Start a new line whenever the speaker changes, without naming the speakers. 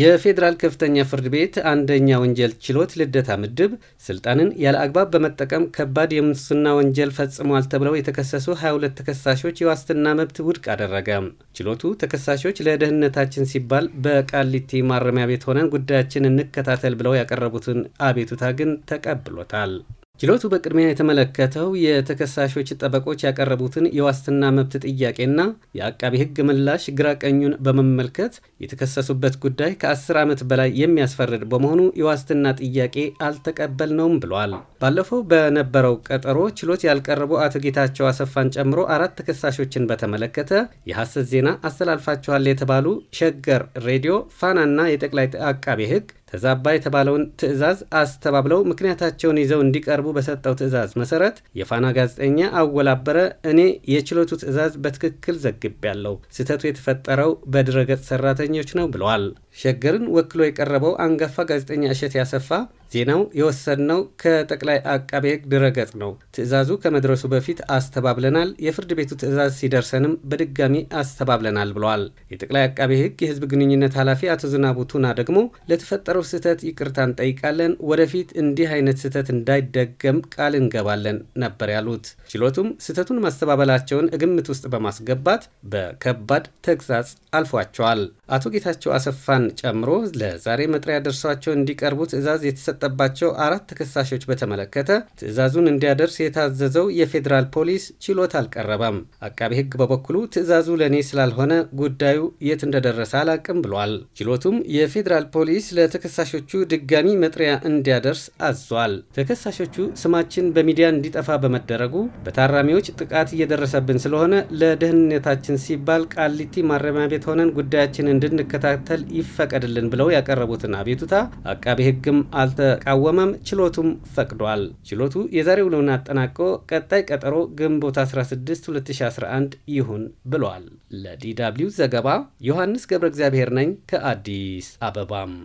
የፌዴራል ከፍተኛ ፍርድ ቤት አንደኛ ወንጀል ችሎት ልደታ ምድብ ስልጣንን ያለ አግባብ በመጠቀም ከባድ የሙስና ወንጀል ፈጽሟል ተብለው የተከሰሱ 22 ተከሳሾች የዋስትና መብት ውድቅ አደረገ። ችሎቱ ተከሳሾች ለደህንነታችን ሲባል በቃሊቲ ማረሚያ ቤት ሆነን ጉዳያችን እንከታተል ብለው ያቀረቡትን አቤቱታ ግን ተቀብሎታል። ችሎቱ በቅድሚያ የተመለከተው የተከሳሾች ጠበቆች ያቀረቡትን የዋስትና መብት ጥያቄና የአቃቢ ሕግ ምላሽ ግራ ቀኙን በመመልከት የተከሰሱበት ጉዳይ ከ10 ዓመት በላይ የሚያስፈርድ በመሆኑ የዋስትና ጥያቄ አልተቀበልነውም ብሏል። ባለፈው በነበረው ቀጠሮ ችሎት ያልቀረቡ አቶ ጌታቸው አሰፋን ጨምሮ አራት ተከሳሾችን በተመለከተ የሐሰት ዜና አስተላልፋችኋል የተባሉ ሸገር ሬዲዮ፣ ፋናና የጠቅላይ አቃቢ ሕግ ተዛባ የተባለውን ትዕዛዝ አስተባብለው ምክንያታቸውን ይዘው እንዲቀርቡ በሰጠው ትዕዛዝ መሰረት የፋና ጋዜጠኛ አወላበረ እኔ የችሎቱ ትዕዛዝ በትክክል ዘግቤያለሁ፣ ስህተቱ የተፈጠረው በድረገጽ ሰራተኞች ነው ብለዋል። ሸገርን ወክሎ የቀረበው አንጋፋ ጋዜጠኛ እሸት ያሰፋ ዜናው የወሰድነው ከጠቅላይ አቃቤ ሕግ ድረገጽ ነው። ትዕዛዙ ከመድረሱ በፊት አስተባብለናል። የፍርድ ቤቱ ትዕዛዝ ሲደርሰንም በድጋሚ አስተባብለናል ብለዋል። የጠቅላይ አቃቤ ሕግ የህዝብ ግንኙነት ኃላፊ አቶ ዝናቡ ቱና ደግሞ ለተፈጠረው ስህተት ይቅርታ እንጠይቃለን፣ ወደፊት እንዲህ አይነት ስህተት እንዳይደገም ቃል እንገባለን ነበር ያሉት። ችሎቱም ስህተቱን ማስተባበላቸውን ግምት ውስጥ በማስገባት በከባድ ተግሳጽ አልፏቸዋል። አቶ ጌታቸው አሰፋ ሻን ጨምሮ ለዛሬ መጥሪያ ደርሷቸው እንዲቀርቡ ትዕዛዝ የተሰጠባቸው አራት ተከሳሾች በተመለከተ ትዕዛዙን እንዲያደርስ የታዘዘው የፌዴራል ፖሊስ ችሎት አልቀረበም። አቃቢ ሕግ በበኩሉ ትዕዛዙ ለእኔ ስላልሆነ ጉዳዩ የት እንደደረሰ አላቅም ብሏል። ችሎቱም የፌዴራል ፖሊስ ለተከሳሾቹ ድጋሚ መጥሪያ እንዲያደርስ አዟል። ተከሳሾቹ ስማችን በሚዲያ እንዲጠፋ በመደረጉ በታራሚዎች ጥቃት እየደረሰብን ስለሆነ ለደህንነታችን ሲባል ቃሊቲ ማረሚያ ቤት ሆነን ጉዳያችን እንድንከታተል ይፈ ይፈቀድልን ብለው ያቀረቡትን አቤቱታ አቃቤ ሕግም አልተቃወመም፣ ችሎቱም ፈቅዷል። ችሎቱ የዛሬው ውሎውን አጠናቆ ቀጣይ ቀጠሮ ግንቦት 16 2011 ይሁን ብሏል። ለዲ ደብልዩ ዘገባ ዮሐንስ ገብረ እግዚአብሔር ነኝ ከአዲስ አበባም